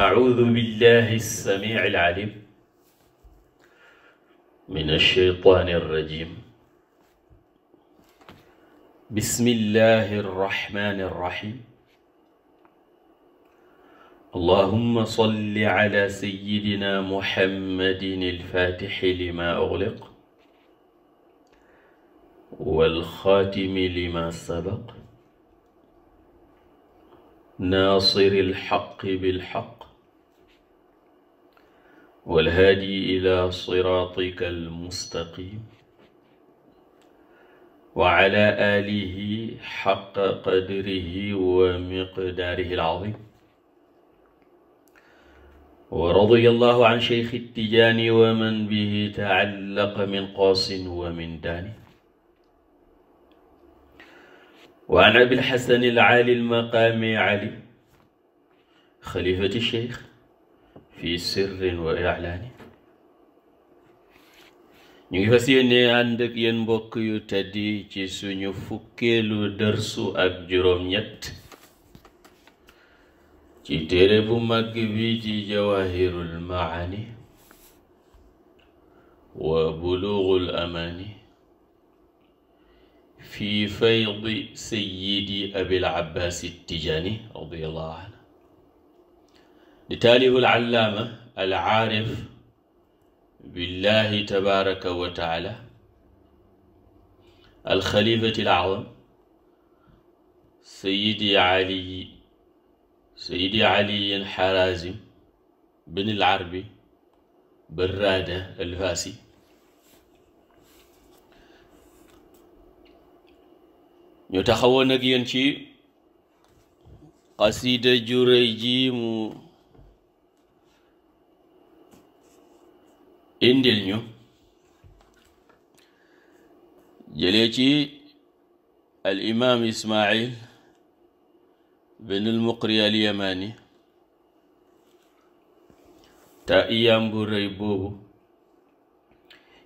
أعوذ بالله السميع العليم من الشيطان الرجيم بسم الله الرحمن الرحيم اللهم صل على سيدنا محمد الفاتح لما أغلق والخاتم لما سبق ناصر الحق بالحق والهادي إلى صراطك المستقيم وعلى آله حق قدره ومقداره العظيم ورضي الله عن شيخ التجاني ومن به تعلق من قاص ومن داني وعن أبي الحسن العالي المقام علي خليفة الشيخ fi sirrin wa ilaani ñu ngi fas yéene ànd ak yéen mbokk yu tedd yi ci suñu fukkeelu dërsu ak juróom-ñett ci téere bu màgg bi ci jawahirul maani wa bulughul amaani fi faydi sayyidi abil abbaas tijaani radiyallahu anhu li taalihu al allaama al aarif billahi tabaraka wa taala al xalifati al aazam sayidi ali sayidi ali xarazim bin al arbi barraada al faasi ñu taxawoon ak yéen ci qasida ju rëy ji mu indil ñu jëlee ci al imaam ismail bin al muqri al yamani ta iyaam bu rëy boobu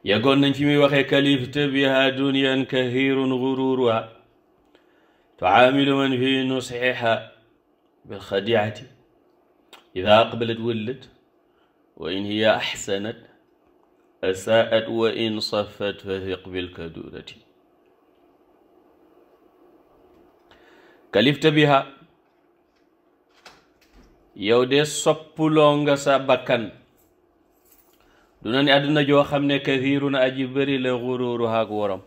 yeggoon nañ fi muy waxee kalifte biha duniyan kahirun gururuha tuaamilu man fi nusxiha bilxadiati ida aqbalat wallat wa in hiya axsanat asaat wa in safat fafiq bilkadurati kalifta biha yow de soppuloo nga bakkan duna ni àdduna joo xam ne kathirun aji bëri la xururu haak worom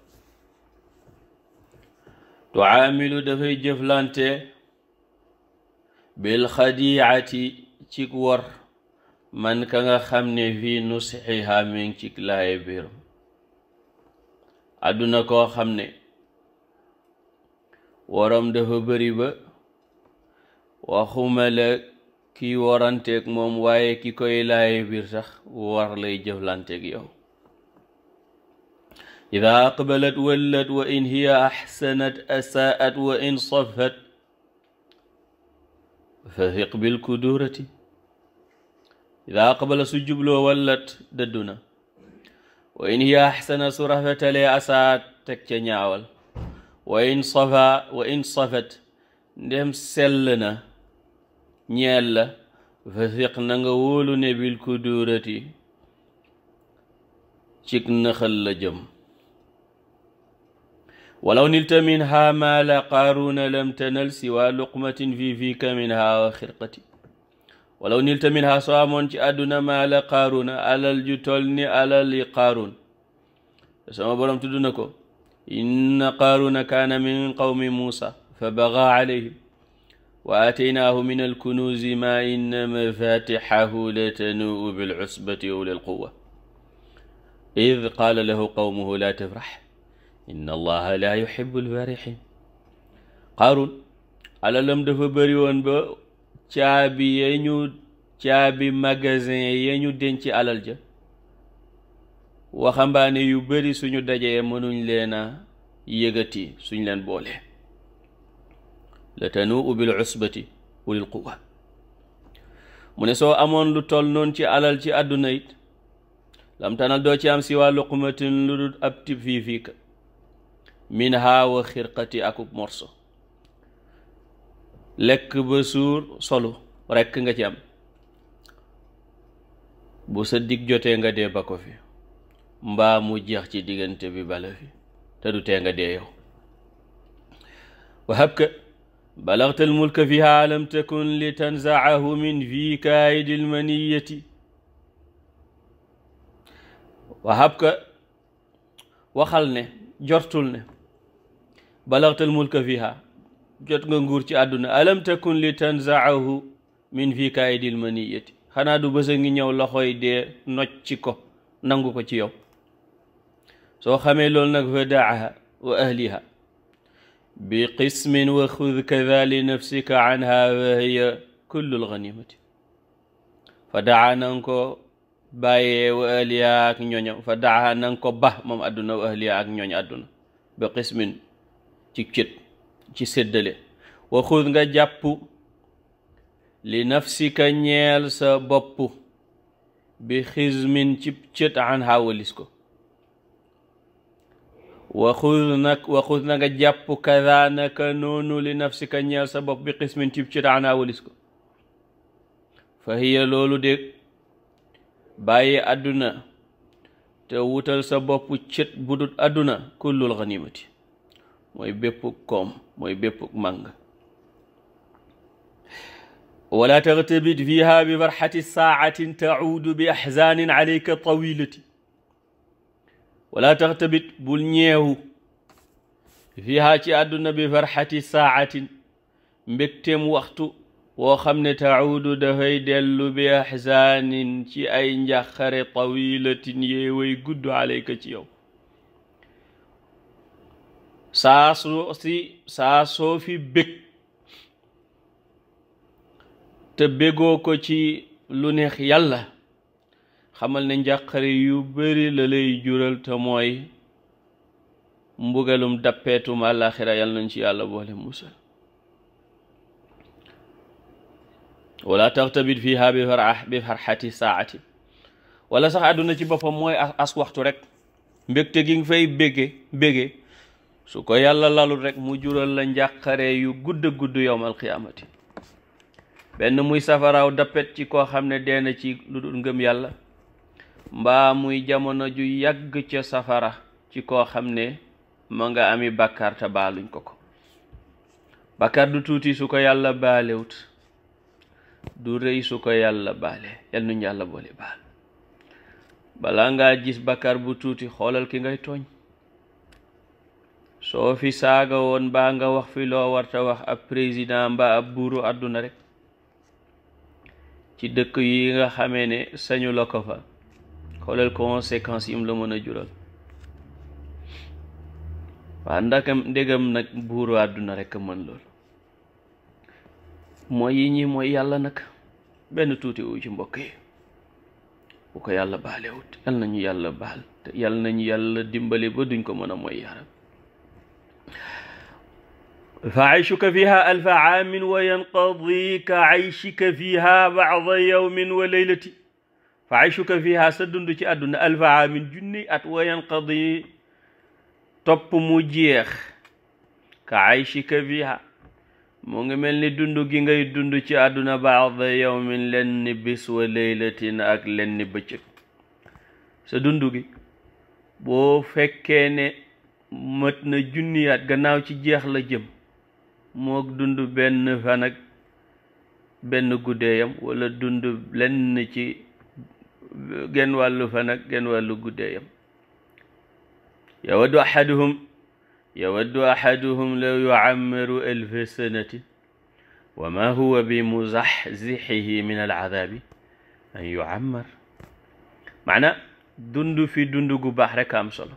tuaamilu dafay jëflante bil xadiicati cig wor man ka nga xam ne fii nusixiha mi ngi ci laaye biir àdduna koo xam ne waram dafa bari ba waxuma la kiy waranteeg moom waaye ki koy laaye biir sax war lay jëflanteeg yow ida aqbalat wallat wa in hiya axsanat asaat wa in safat fafiq bilkudurati ida aqbala su jubloo wallat dëddu na wa in hiya axsana su rafetalee asaa teg ca ñaawal wa in safa wa in safat ndem sell na ñeel la fasiq na nga wóolu ne bil ku duurati cig naxal la jëm walaw nilta min ha maa la qaaruuna lam tanal siwa luqmatin fi fika min ha wa xirqati walaw nilta minha soo amoon ci àdduna maa la qaaruna alal ju toll ni alal yi qaarun sama borom tudd na ko inna qaaruna kaana min qawmi muusa fa bagaa alayhim wa aataynaahu min alkunuuzi maa inna mafatixahu latanuu bilcusbati uli alquwa id qaala lahu qawmuhu laa tafrax inna allaha laa yuxibu alfarixin qaaruun alalam dafa bëri woon ba caabi ya ñu caabi magasin ya ñu denc alal ja waxambaane yu bari suñu dajee mënuñ leen a yëgati suñ leen boole la tanuu bil usbati ulil quwa mu ne soo amoon lu toll noon ci alal ci àdduna it lamtanal doo ci am si waa luqmatin lu dul ab tib fii fiika xirqati akub morso lekk ba suur solu rekk nga ci am bu sa digg jotee nga dee ba ko fi mbaa mu jeex ci diggante bi bala fi te du tee nga dee yow wa habka balagta almulka fiha lam takun li tanzaahu min fi kaayidi almaniyati wa habka waxal ne jortul ne balagta almulka fiha jot nga nguur ci àdduna alam takun li tanzaahu min fi kaidil maniyati xanaa du bés a ngi ñëw loxoy dee nocc ko nangu ko ci yow soo xamee loolu nag fa daaha wa ahliha bi qismin wa xud kada li nafsika anha wa hiya kullu lganimati fa daa nanga ko ba moom àdduna wa ahliha ak ñooñ àdduna bi qismin ci cit ci seddale wa xud nga jàpp li nafsika ñeel sa bopp bi xizmin ci cët an xaawalis ko wa nag wa xud na nga jàpp kada naka noonu li nafsika ñeel sa bopp bi xismin ci cët an xaawalis ko fa hiya loolu de bàyyi àdduna te wutal sa bopp cët budut àdduna kullul ganimati mooy bépp koom mooy bépp màng wala taxtabit fiha bi farxati saatin tauudu bi axzanin alayka tawilati wala taxtabit bul ñeewu fiha ci àdduna bi farxati saatin mbégteem waxtu woo xam ne tauudu dafay dellu bi axzanin ci ay njàqare tawilatin yéeway gudd alayka ci yow saa soo si saa soo fi bég te bégoo ko ci lu neex yàlla xamal ne njàqare yu bari la lay jural te mooy mbugalum dappeetum àllaaxira yàlla nañ ci yàlla boole musal wala taxtabit fiha bi farah bi farxati saati wala sax àdduna ci boppam mooy as waxtu rek mbégte gi nga fay bégge bégge su ko yàlla lalul rekk mu jural la njàqare yu gudd a gudd yowmal qiyaamati benn muy safaraaw dappet ci koo xam ne dee ci lu dul ngëm yàlla mbaa muy jamono ju yàgg ca safara ci koo xam ne ma nga ami bàkkaar baaluñ ko ko bàkkaar du tuuti su ko yàlla baalewut du rëy su ko yàlla baale yal yàlla boole baal balaa ngaa gis bàkkaar bu tuuti xoolal ki ngay tooñ soo fi saaga woon baa nga wax fi loo warta wax ab président mbaa ab buuru àdduna rek ci dëkk yi nga xamee ne sañu ko fa xoolal conséquences yim la mën a jural waa ndakam ndegam nag buuru àdduna rek a mën loolu mooy yi ñii mooy yàlla nag benn tuuti ci mbokk yi bu ko yàlla baalewut yal nañu yàlla baal te yal nañu yàlla dimbali ba duñ ko mën a moy yaram fa aychuka fiha alfa aamin wa yanqadi ka aychika fiha bacda yawmin wa leylati fa aychuka fiha sa dund ci àdduna alfa aamin junni at wa yanqadi topp mu jeex ka aychika fiha mu ngi mel ni dund gi ngay dund ci àdduna bacda yawmin lenn bis wa leylatin ak lenn bëccëg sa dund gi boo fekkee ne mat na junniyaat gannaaw ci jeex la jëm mook dund benn fan ak benn guddeeyam wala dund lenn ci genn wàllu fan ak genn wàllu guddeeyam yawaddu ahaduhum yawaddu ahaduhum law yuammaru alfa sanatin wa ma huwa bi muzaxzixihi min alcadaabi an yuammar maanaa dund fi dund gu baax rekk am solo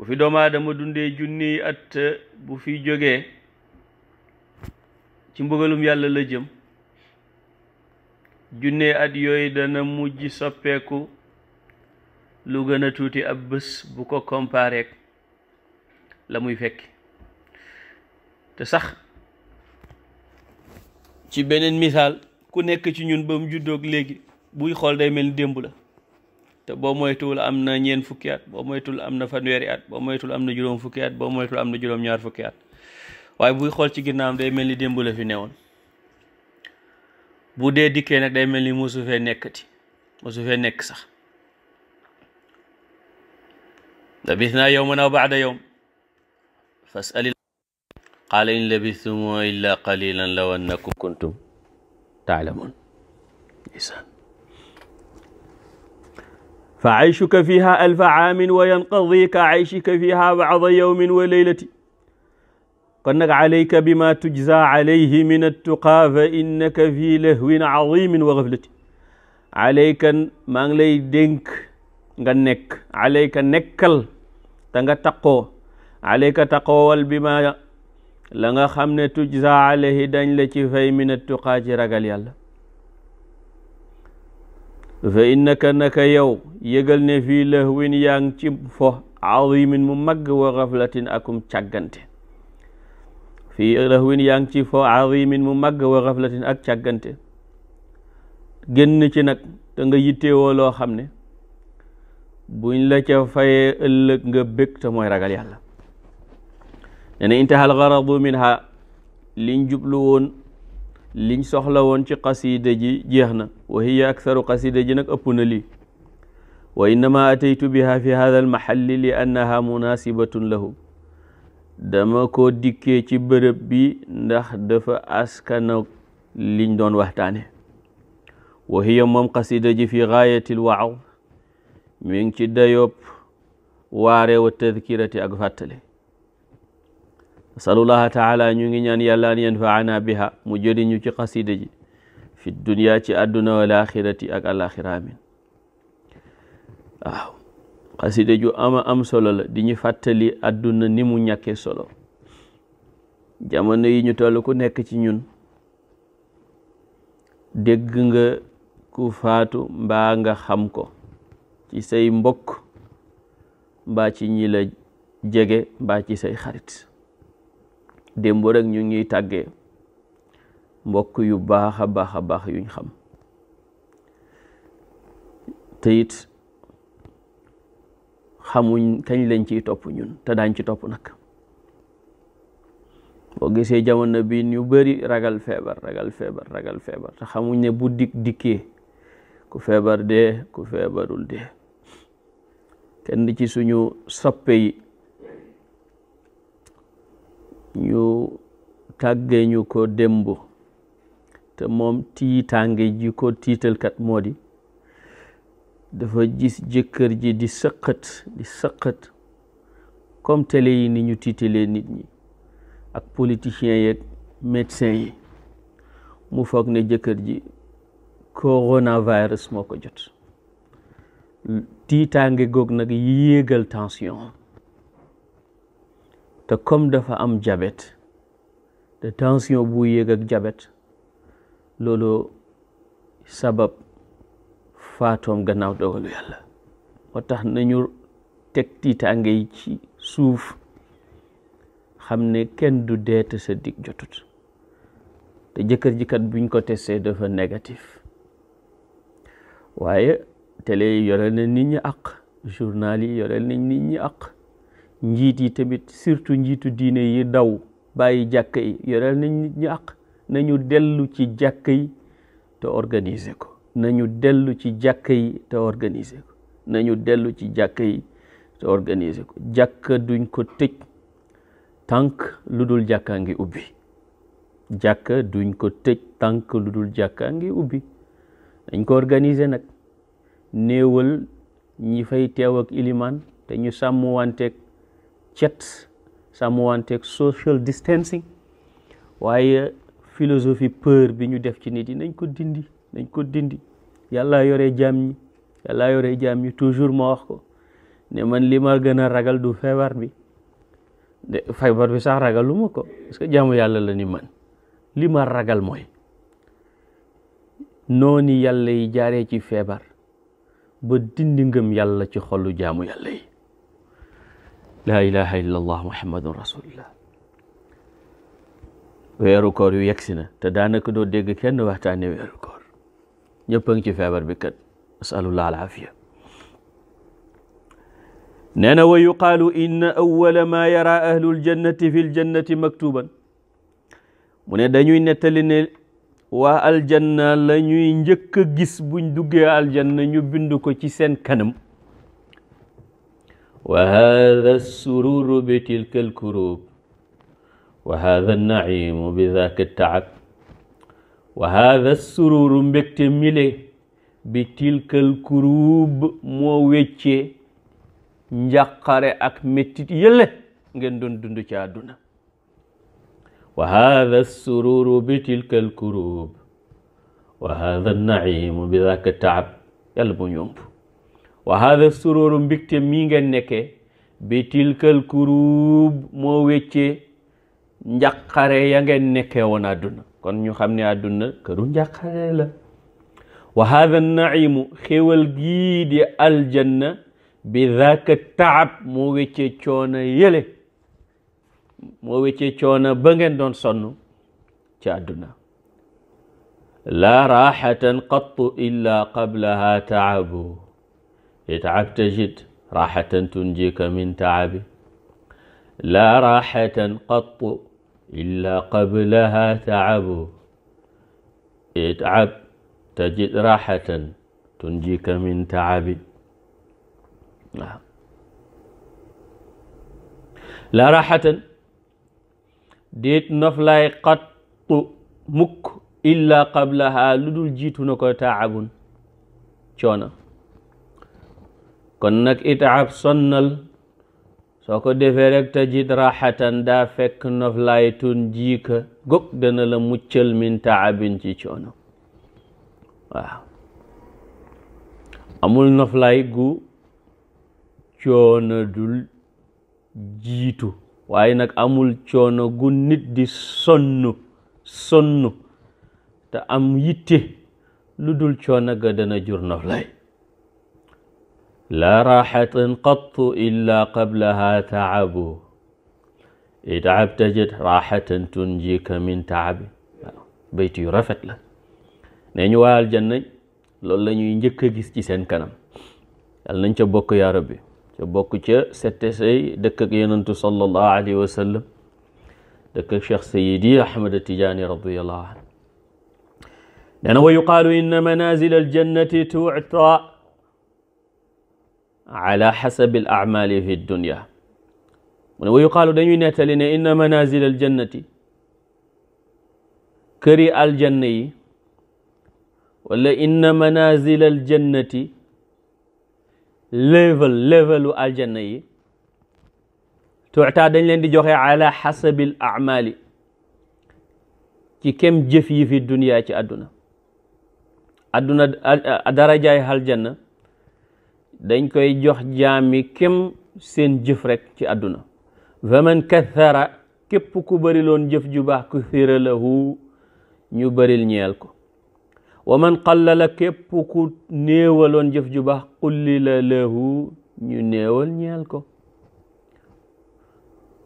bu fi doomu aadama dundee junniy at bu fi jógee ci mbugalum yàlla la jëm junne at yooyu dana mujj soppeeku lu gën a tuuti ab bés bu ko comparé la muy fekki te sax ci beneen misaal ku nekk ci ñun ba mu juddoog léegi buy xool day mel ni démb la te boo moytuwul am na ñeent fukki at boo moytuwul am na fanweeri at boo moytuwul am na juróom fukki at boo moytuwul am na juróom-ñaar fukki at waaye buy xool ci ginnaawam day mel ni démb la fi newoon bu dee dikkee nag day mel ni mosu fee nekkati mosu fee nekk sax labisnaa yawman aw ba'da yawm fas'al qaala in labistum illaa qalilan law annakum kuntum ta'lamun fa aychuka fiha alfa aamin wa yanqadi ka aychika fiha bacda yawmin wa leylati kon nag alayka bima tujza alayhi min attuqaa fa innaka fi lahwin azimin wa gaflati alayka maa ngi lay dénk nga nekk alayka nekkal ta nga taqoo alayka taqoowal bima la nga xam ne tujza alayhi dañ la ci fay min attuqaa ci ragal yàlla fa innaka naka yow yëgal ne fii lahwin yaa ngi fo azimin mu mag wa xaflatin akum càggante fii lahwin yaa ngi fo azimin mu mag wa xaflatin ak càggante génn ci nag te nga yittewoo loo xam ne buñ la ca fayee ëllëg nga bég te mooy ragal yàlla ne na intahal garadu minha liñ jublu woon liñ soxla woon ci xasida ji jeex na wa hiya aktharu xasida ji nag ëpp na lii wa innama ataytu biha fi hadha al mahalli li annaha munasibatun lahu dama ko dikke ci bërëb bi ndax dafa askana liñ doon waxtaane wa hiya moom xasida fi gaayati l waaw ngi ci dayop waare wa tadkirati ak fàttale nasalullaha taala ñu ngi ñaan yàlla an yanfaana biha mu jëriñu ci xasida fi dunya ci àdduna wal axirati ak alaxira amin waaw xasida ju ama am solo la di ñu fàttali àdduna ni mu ñàkkee solo jamono yi ñu toll ku nekk ci ñun dégg nga ku faatu mbaa nga xam ko ci say mbokk mbaa ci ñi jege mbaa ci say xarit démb rek ñu ngi tàggee mbokk yu baax a baax a baax yuñ xam te xamuñ kañ lañ ciy topp ñun te daañ ci topp nag boo gisee jamono biin yu bari ragal feebar ragal feebar ragal feebar te xamuñ ne bu dik dikkee ku feebar dee ku feebarul dee kenn ci suñu soppe ñu tàggee ñu ko démb te moom tiitaange ji ko tiitalkat moo di dafa gis jëkkër ji di sëqat di sëqat comme télé yi ni ñu tiitalee nit ñi ak politiciens yeeg médecins yi mu foog ne jëkkër ji coronavirus moo ko jot tiitaange goog nag yéegal tension te comme dafa am jabet te tension bu yéeg jabet looloo sabab faatoom gannaaw dogalu yàlla moo tax nañu teg tiitaange yi ci suuf xam ne kenn du dee te sa dig jotut te jëkkër ji kat buñ ko testé dafa négatif waaye télé yi yore na nit ñi àq journal yore na nit ñi njiit yi tamit surtout njiitu diine yi daw bàyyi jàkk yi yoreel nañ nit ñi àq nañu dellu ci jàkk yi te organiser ko nañu dellu ci jàkk yi te organise ko nañu dellu ci jàkk yi te organiser ko jàkk duñ ko tëj tànk lu dul a ngi ubbi jàkk duñ ko tëj tànk lu dul jàkkaa ngi ubbi dañ ko organiser nag néewal ñi fay teew ak ilimaan te ñu sàmm wanteeg cet sàmmanteeg social distancing waaye philosophie peur bi ñu def ci nit yi nañ ko dindi nañ ko dindi yàlla yore jaam ñi yàlla yore jaam ñi toujours ma wax ko ne man li ma gën a ragal du feebar bi de feebar bi sax ragaluma ko parce que jaamu yàlla la ni man lima ragal mooy noonu yàlla yi jaaree ci feebar ba dindi ngëm yàlla ci xolu jaamu yàlla yi laa ilaha illa allah muhammadun rasulullah weeru koor yu yegsi na te daanaka doo dégg kenn waxtaane weeru koor ñëpp a ngi ci feebar bi kat asalullah alaafiya nee na wa yuqaalu inna awwala maa yara ahlul jannati fi mu ne dañuy nettali ne aljanna la ñuy njëkk gis buñ duggee aljanna ñu bind ko ci seen kanam وهذا السرور بتلك الكروب وهذا النعيم بذاك التعب وهذا السرور mbégte mile بتلك الكروب moo wecce njàqare ak mettit yële ngeen doon dund ci àdduna wa hada sururu bi tilka alkurub wa hada alnaimu bi daka taab yàlla bu ñomb wa hada surooru mbigte mii ngeen nekke bi tilkal kurub moo wéccee njaqare ya ngeen nekkee woon àdduna kon ñu xam ne àdduna këru njaqare la wa hada naimu xéwal gii di aljanna bi dhaka taab moo wéccee coono yële moo wéccee coono ba ngeen doon sonn ci àdduna la raxatan qattu illa qablaha taabu اتعب تجد راحة تنجيك من تعب لا راحة قط إلا قبلها تعب اتعب تجد راحة تنجيك من تعب لا راحة déet noflaay xattu mukk illa qablaha lu dul jiitu na ko taabun coona kon nag itaab sonnal soo ko defee rek tajid raxatan daa fekk noflaay tun jiika góg dana la muccal min taabin ci coono amul noflaay gu coono dul jiitu waaye nag amul coono gu nit di sonn sonn te am yitte lu dul coono ga dana jur noflaay لا راحة قط إلا قبلها تعب إذا تعب تجد راحة تنجيك من تعب bayt yu rafet la nee ñu waa aljanna loolu la ñuy njëkk a gis ci seen kanam yàlla nañ ca bokk yaa rabbi ca bokk ca sette say dëkk ak yenentu sallallahu alayhi wa sallam dëkk ak cheikh sayidi ahmad tijaani radiallahu anhu nee na wa yuqaalu inna manazila aljannati tuta ala xasabi al amali fi dunya mu ne wa yuqaalu dañuy nettali ne inna manazil al jannati këri aljanna yi wala inna manazil al jannati level levelu aljanna yi tuuta dañ leen di joxe ala xasabi al amali ci kem jëf yi fi dunya ci àdduna àdduna darajaay aljanna dañ koy jox jaami kem seen jëf rek ci àdduna man kathara képp ku bëri loon jëf ju baax kuthira lahu ñu bëril ñeel ko wa man qallala képp ku néewaloon jëf ju baax qullila lahu ñu néewal ñeel ko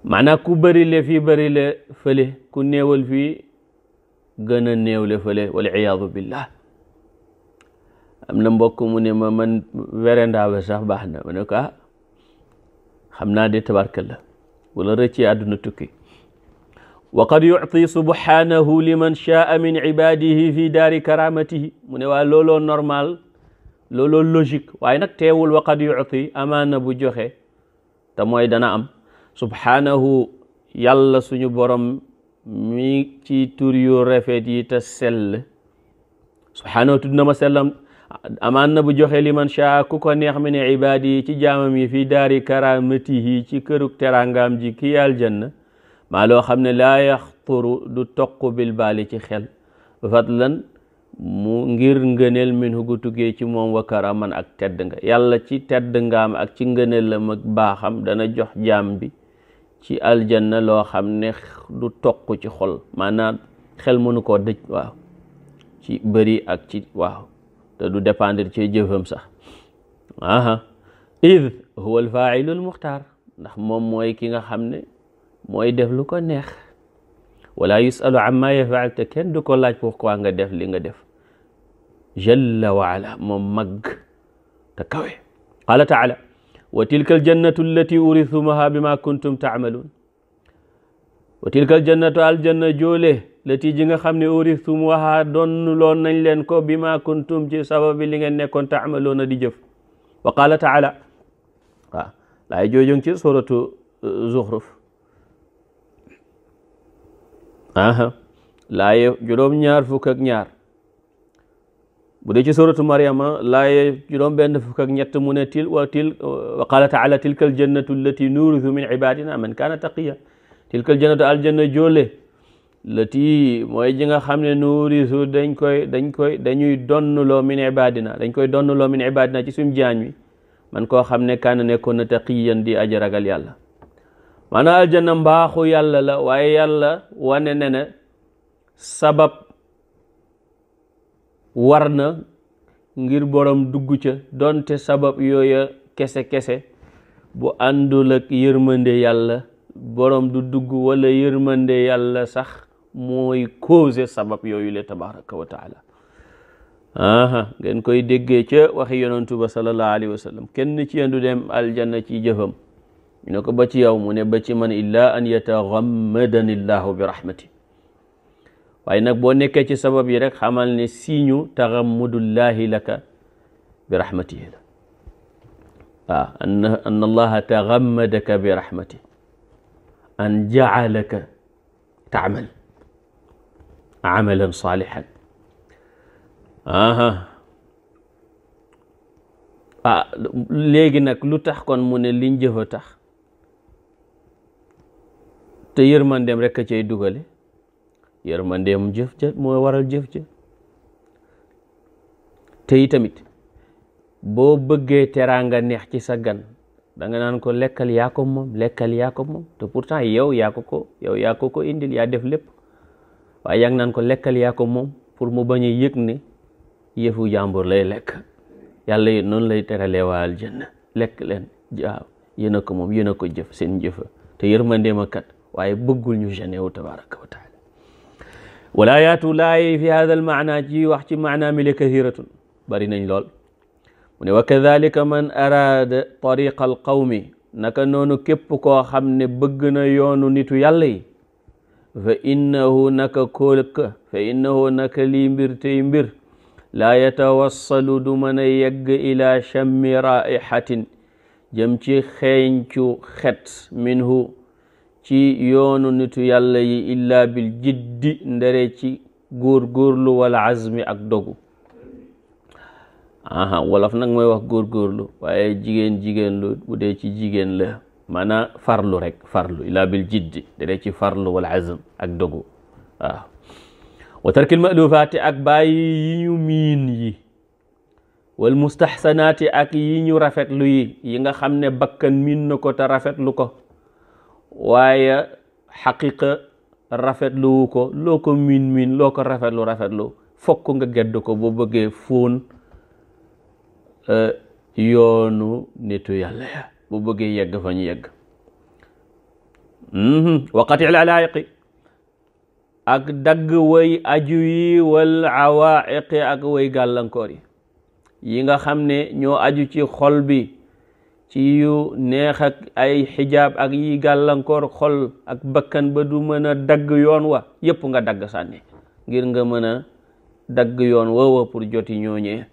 maanaam ku bërile fii bërile fële ku néewal fi gën a néewle fële wal iyaadu billah am na mbokk mu ne ma man werendaawe sax baax na ma ne ko ah xam naa de tabarkalla wala rëcci àdduna tukki wa qad yuti subhanahu liman shaa min ibadihi fi daari karamatihi mu ne normal looloo waaye nag teewul wa qad yuti amaana bu joxe te mooy dana am subhanahu yàlla suñu borom mi ci tur yu rafet yi te subhanahu tudd na ma sellam amaan na bu joxe liman sha ku ko neex mi ne ibaadi ci jaamam yi fii daari karamatihi ci këru terangaam ji ki aljanna maa loo xam ne laa yaxturu du toq bil baali ci xel fadlan mu ngir ngëneel min hugu tuggee ci moom wa karaman ak tedd nga yàlla ci tedd ngaam ak ci la mag baaxam dana jox jaam bi ci aljanna loo xam ne du toq ci xol maanaam xel mënu koo dëj waaw ci bëri ak ci waaw te du dépendre ci jëfam sax aha id huwa alfailu almuxtaar ndax moom mooy ki nga xam ne mooy def lu ko neex wala yusalu amma yafaal te kenn du ko laaj pourquoi nga def li nga def jalla wa ala moom màgg te kawe qala taala wa tilka aljannatu allati uritumaha bima kuntum taamaluun wa tilkal jannatu aljanna joole lati ji nga xam ne uristumuhaa doon loon nañ leen ko bima kuntum ci sababi li ngeen nekkoon taamaloona di jëf wa qaala taala waaw joojong ci suratu uh, zuxruf aha laaye juróom ñaar fukk ak ñaar bu dee ci suratu mariama laaye juróom benn fukk ak ñett mu ne til wa til wa qaala taala tilkal jannatu allati nuurisu min ibadina man kaana taqiya tilkal jannatu aljanna joole lati mooy ji nga xam ne nuurisu dañ koy dañ koy dañuy donnloo min ibadina dañ koy donnloo min ibadina ci suñu jaañ wi man koo xam ne kaana nekkoon na taqiyan di aja ragal yàlla a aljanna mbaaxu yàlla la waaye yàlla wane ne ne sabab war na ngir boroom dugg ca donte sabab yooya kese-kese bu àndul ak yërmande yàlla borom du dugg wala yërmande yàlla sax mooy cause sabab yooyu le tabaraka wa taala aha koy déggee ca waxi yonantu ba sallallahu alayhi wa sallam kenn dem aljanna ci jëfam ñu ne ko ba ci yow mu ne ba ci man illaa an yataxammadani llahu bi rahmati waaye nag boo nekkee ci sabab yi rek xamal ne siiñu taxammudullahi laka bi rahmatihi la waaw anna allaha taxammadaka bi rahmatihi an jacalaka taamal amalan saalixan aha ah léegi nag lu tax kon mu ne liñ jëfa tax te yërmandeem rek a cay dugale yërmandeem jëf ja moo waral jëf ja te itamit boo bëggee teraanga neex ci sa gan da nga naan ko lekkal yaa ko moom lekkal yaa ko moom te pourtant yow yaa ko ko yow ko indil ya def lépp waaye yaa naan ko lekkal yaa ko moom pour mu bañ a yëg ne yëfu jàmbur lay lekk yàlla it noonu lay teralee waa aljanna lekk leen waaw a ko moom yéen a ko jëf seen jëfa te yërmandeem a kat waaye bëggul ñu gene wu tabaraka wa taala walaayaatu laay fi hada maana ci wax ci maana mi le kathiratun bari nañ lool mu ne wa kadalika man araada tariqa al qawmi naka noonu képp koo xam ne bëgg na yoonu nitu yàlla yi fa innahu naka kóolka fa innahu naka lii mbir tey mbir laa yatawassalu du mën a yegg ila chammi raihatin jëm ci xeeñcu xet minhu ci yoonu nitu yàlla yi illa bil jiddi ndere ci góor góorlu wala azmi ak dogu aha wolof nag mooy wax góorgóorlu waaye jigéen jigéen lu bu dee ci jigéen la maanaam farlu rek farlu ilaa bil jiddi dee ci farlu wal azm ak dogu waaw wa tarkil malufaati ak bàyyi yi ñu miin yi wal mustahsanaati ak yi ñu rafetlu yi yi nga xam ne bakkan miin na ko te rafetlu ko waaye xaqiqa rafetluwu ko loo ko miin miin loo ko lu rafetlu fokk nga gedd ko bo bëggee fóon Euh, yoonu nitu yàlla ya bu bëggee yegg fa ñu yegg mhm. waqati alalaaiqi ak dagg way aju yi wal awaiqi ak way gàllankoor yi yi nga xam ne ñoo aju ci xol bi ci yu neex ak ay xijaab ak yi gàllankoor xol ak bakkan ba du mën a dagg yoon wa yépp nga dagg sànni ngir nga mën a dagg yoon woowa pour joti ñooñee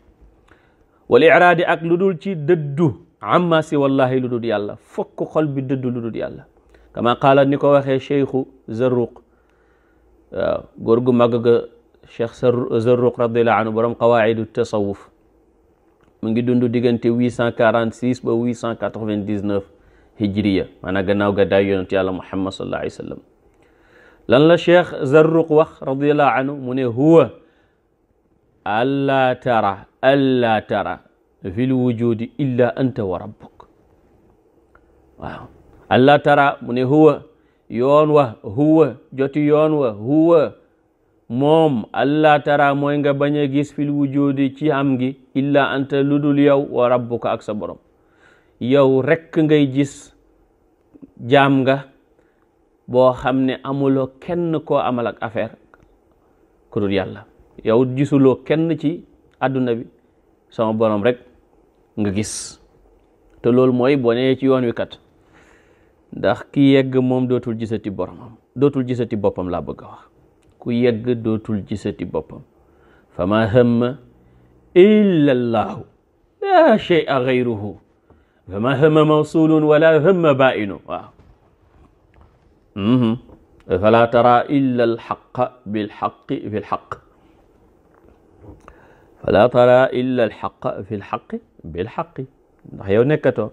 wal iraadi ak lu dul ci dëddu amma si wallahi lu dul yàlla fokk xol bi dëddu lu dul yàlla kama qaala ni ko waxee cheikhu zarruq waaw góor gu màgg ga cheikh zarruq radiallahu anhu borom qawaidu tasawuf mu ngi dund diggante 846 ba 899 hijriya maanaam gannaaw ga daay yonent yàlla muhammad sallallahu alayhi wa sallam lan la cheikh zarruq wax radiallahu anhu mu ne huwa alla tara alla tara fi lwujudi illa anta wa rabbuk waaw tara mu ne huwa yoon wa huwa joti yoon wa huwa moom alla tara mooy nga baña gis fil wujudi ci am gi illa anta ludul yow wa rabbuka ak sa borom yow rekk ngay gis jam nga boo xam ne amuloo kenn ko amal ak affaire ku dul yàlla yow gisuloo kenn ci àdduna bi sama borom rek nga gis te loolu mooy boo nee ci yoon wi kat ndax ki yegg moom dootul gisati boromam dootul gisati boppam laa bëgg wax ku yegg dootul gisati boppam fa ma hamma illa la laa shay'a ghayruhu fa ma hamma mawsulun wala hamma baa'inu waaw mhm. falaa tara illa alxaqa bilxaqi fi fala tara illa alxaqa fi lxaqi bilxaqi ndax yow nekkatoo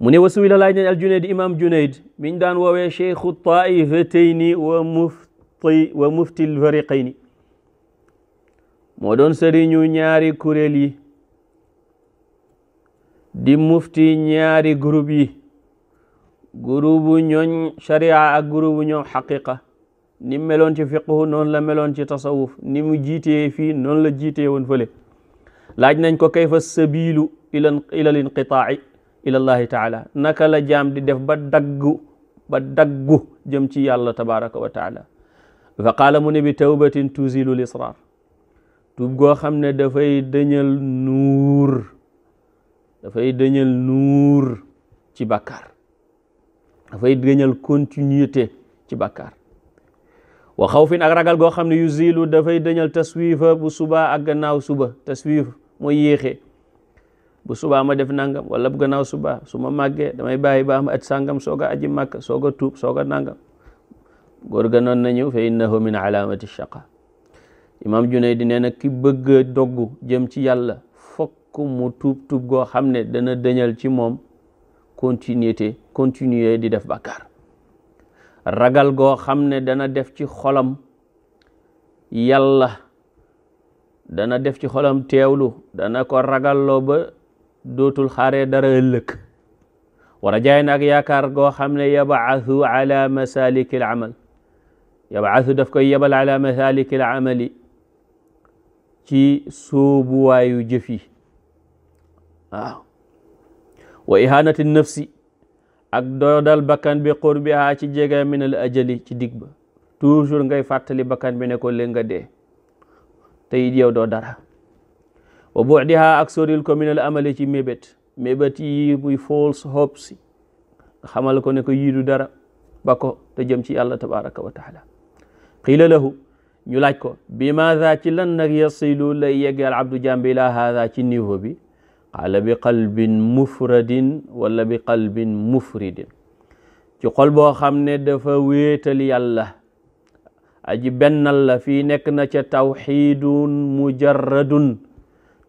mu ne wasu la laaj nañ al junayd imam junayd miñ daan woowee cheikhu taifatayni wa mufti wa mufti lfariqayni moo doon sëriñu ñaari kuréel yi di mufti ñaari groupe yi gurubu ñooñ sharia ak gurubu ñooñ xaqiqa ni meloon ci fiqhu noonu la meloon ci tasawuf ni mu jiitee fii noonu la jiitee woon fële laaj nañ ko kayfa sabilu ila ilal inqitaa'i ilallahi taala naka la jaam di def ba daggu ba daggu jëm ci yàlla tabaraka wa taala fa qaala mu ne bi tawbatin tuzilu lisrar tuub goo xam ne dafay dëñal nuur dafay dëñal nuur ci bàkkaar dafay dëñal continuité ci bàkkaar wa xawfin ak ragal goo xam ne yuzilu dafay dëñal taswiifa bu suba ak gannaaw suba taswiif mooy yéexee bu subaa ma def nangam wala bu gannaaw subaa su ma màggee damay bàyyi ba am at sàngam soog a aji màkk soog a tuub soog a nangam góor ga noon nañu fa innahu min alaamati shaqa imam Junayd nee na ki bëgg a dogg jëm ci yàlla fokk tuub tuub goo xam ne dana dëñal ci moom continuité continuer di def bàkkaar ragal goo xam ne dana def ci xolam yàlla dana def ci xolam teewlu dana ko ragalloo ba dootul xaaree dara ëllëg war a jaay naag yaakaar goo xam ne yabaasu ala masaliki l amal ala amali ci sóobuwaayu jëf yi waaw wa ihanati nafsi ak doodal bakkan bi qurbiha ci jege min al ajali ci dig ba toujours ngay fàttali bakkan bi ne ko léeg nga dee te it yow doo dara wa budiha ak soril ko amali ci mébét mébét yi muy false hopes xamal ko ne ko yii dara ba ko te jëm ci tabaraka wa taala lahu ñu laaj ko bi maada ci lan nag yasilu lay yegg al abdu jàmbi ila haada ci niveau bi qaala bi qalbin mufradin wala bi qalbin mufridin ci xol boo xam ne dafa wéetal yàlla aji bennal la fii nekk na ca tawxidun mujarradun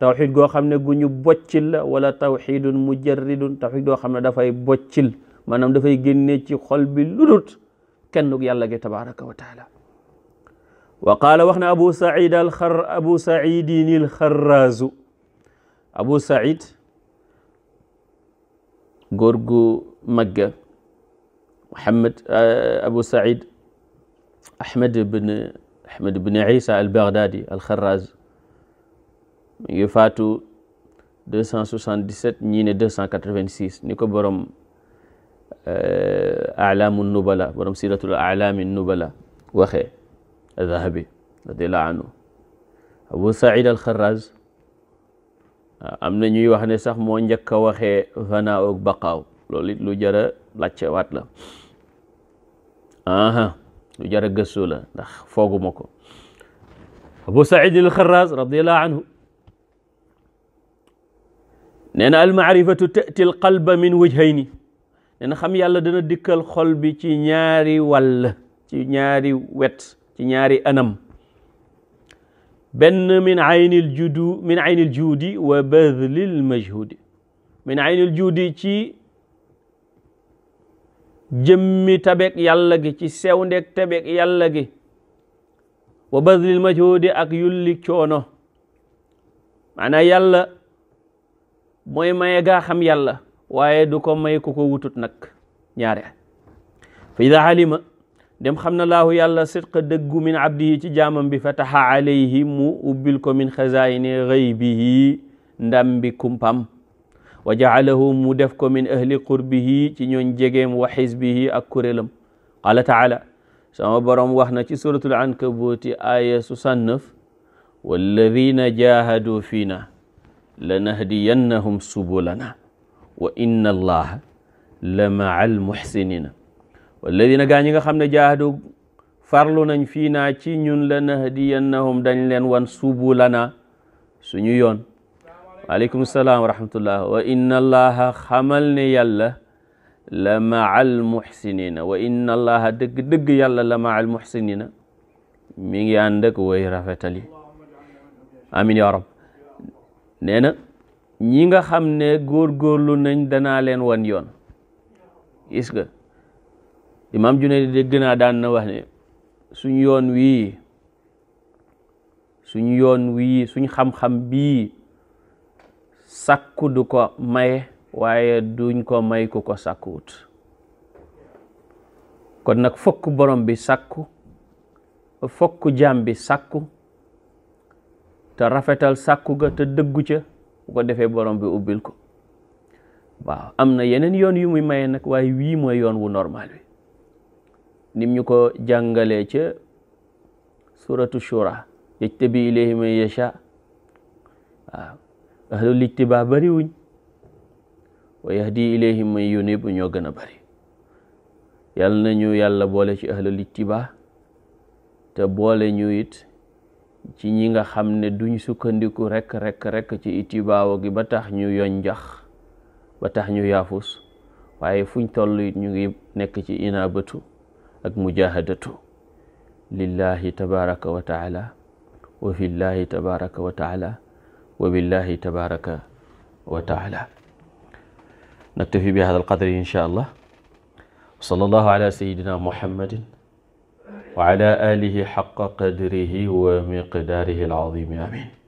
tawxid goo xam ne gu ñu boccil la wala tawxidun mujarridun tawxid goo xam ne dafay boccil maanaam dafay génne ci xol bi ludut kenn yàlla gi tabaraka wa taala wax na abu said abu saidin il xarraazu abu said góor gu magga muhammad abu said Ahmed ibn Ahmed ibn Isa al Baghdadi al Kharraz mi ngi faatu deux cent soixante ñii ne deux cent ni ko borom eh, alaamu nubala borom siratul alaami nubala waxee Zahabi radiallahu anhu Abu Saïd al Kharraz ah, am na ñuy wax ne sax moo njëkk a waxee fanaa ak baqaaw it lu jara laajte waat la lu jar a gëstu la ndax fooguma ko abu said al-xarraz radiallahu anhu nee na almaarifatu tati l qalba min wajhayni nee na xam yàlla dana dikkal xol bi ci ñaari wàll ci ñaari wet ci ñaari anam benn min ayni l judu min ayni l juudi wa badli l majhudi min ayni l juudi ci jëmmi tabeek yàlla gi ci sew ndeek tabeek yàlla gi wa badlil majhuudi ak yulli coono maanaam yàlla mooy maye gaa xam yàlla waaye du ko may ku ko wutut nag ñaare fa ida alima dem xam na laahu yàlla sidqa dëggu min abdihi ci jaamam bi fataha alayhi mu ubbil ko min xazaayini xaybihi ndam bi kumpam wa jaalahu mu def ko min ahli qurbihi ci ñooñ jegeem wa xisbihi ak kurélam qaala taala sama borom wax na ci suratul ankabuuti aya 69 walladina jahaduu fiina lanahdiyannahum subulana wa inna allaha la maa almuxsinina walladina gaa ñi nga xam ne jahadu farlu nañ fii naa ci ñun lanahdiyannahum dañ leen wan subulana suñu yoon waaleykum salaam wa rahmatullah wa inna ne yàlla la maal muxsinina wa inna allaha dëgg-dëgg yàlla la maal muxsinina mi ngi ànd ak way rafetali amin ya rab nee ñi nga xam ne góorgóorlu nañ danaa leen wan yoon gis nga imaam Junayd dégg naa daan na wax ne suñ yoon wii suñ yoon wii suñ xam-xam bii sàkku du ko maye waaye duñ ko may ku ko sàkkuwut kon nag fokk borom bi sakku fokk jaam bi sàkku te rafetal sakku ga te dëggu ca bu ko defee borom bi ubbil ko waaw am na yeneen yoon yu muy maye nag waaye wii mooy yoon wu normal bi nim ñu ko jàngalee ca suratu shura yajtabi ilayhi man yasha waaw ahlul ittibaa bari wuñ wa di ilayhim man bu ñoo gën a bari yàlla nañu yàlla boole ci ahlul ba te boole ñu it ci ñi nga xam ne duñ sukkandiku rek rek rek ci ittibaawo gi ba tax ñu yonjax ba tax ñu yafus waaye fuñ toll it ñu ngi nekk ci inaabatu ak mujahadatu lillahi tabaraka wa taala wa fillahi tabaraka wa taala wa billahi tabaraka wa taala naktafi bi hada alqadri insha allah wa sallallahu ala sayidina muhammadin wa ala alihi xaqa qadrihi wa miqdaarihi alazimi amin